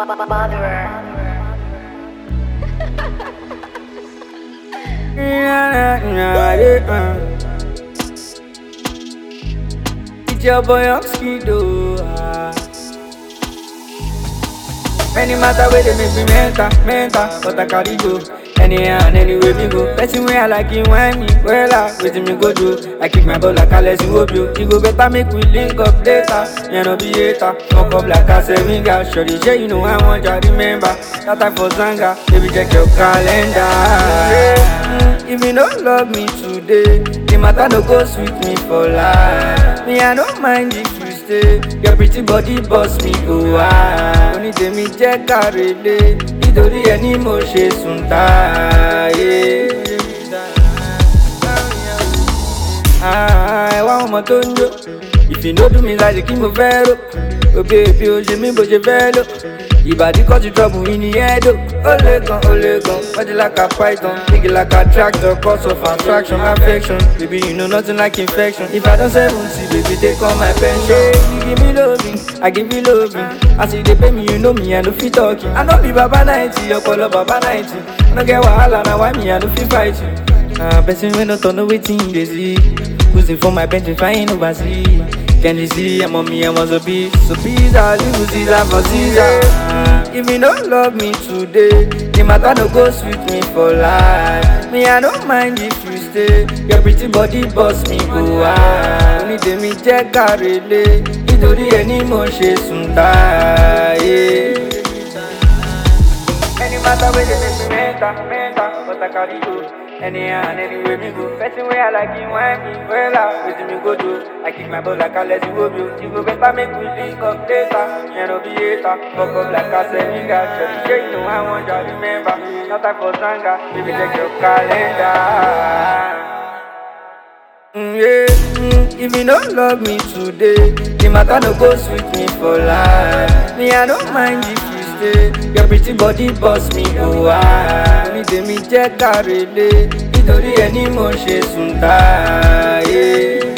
Botherer. It's your boy Oxkido. Any matter where they make me mental, mental, but I carry go. Anyhow and anyway me go. Person way I like him when me well I waiting me go do. I kick my ball like I let you hope you. You go better make we link up later. You know be hater. Fuck up like I say girl. got. yeah, you know I want ya remember. That time for Zanga, baby check your calendar. Yeah. Mm, if you don't love me today, the matter no go sweet me for life. Me I don't mind if ṣe your pretty body boss me, go high. onítèmi jẹ́ kárẹ̀lé nítorí ẹ ní mo ṣe sùn táyé. Ah, ẹ wá ọmọ tó ń jó ìfìnnú dùn mí láti kí mo fẹ́ ró òkè èpè òṣèmí bó ṣe fẹ́ ló. Ibadi cause you trouble in the head oh Olegan, Olegan Body like a python Nigga like a tractor Cause of attraction, affection Baby you know nothing like infection If I don't say see baby take all my pension yeah, You give me loving, I give you loving I see dey pay me you know me I no fit talking I know be baba 90, your color baba 90 I no get wahala now why me I no fit fight you Nah, person we no turn no waiting, busy Cruising for my bench and flying overseas. Can you see I'm on me, I'm on the beach. So pizza, you Caesar for Caesar. If you don't love me today, the matter no go sweet me for life. Me, I don't mind if you stay. Your pretty body bust me go high. Only dey mi jẹ́ ká relé. Nítorí ẹ ní mo ṣe sùn táyé. Any matter wey dey make me mental, mental, but I carry you. Anyhow and anywhere me go. Person way I like you, why me well out? With me go do. I kick my ball like I let you go. You go better make we link up Data You know be hater. Fuck up like I said, you got your shit. You know I want you remember. No time for sanga. Baby, check your calendar. Mm, yeah. if you don't love me today, the matter no go sweet me for life. Me, I don't mind if you Your pretty body boss me, oh mi o wa. Ní tèmi jẹ́ kárẹ̀lé nítorí ẹni mo ṣe sùn táyé.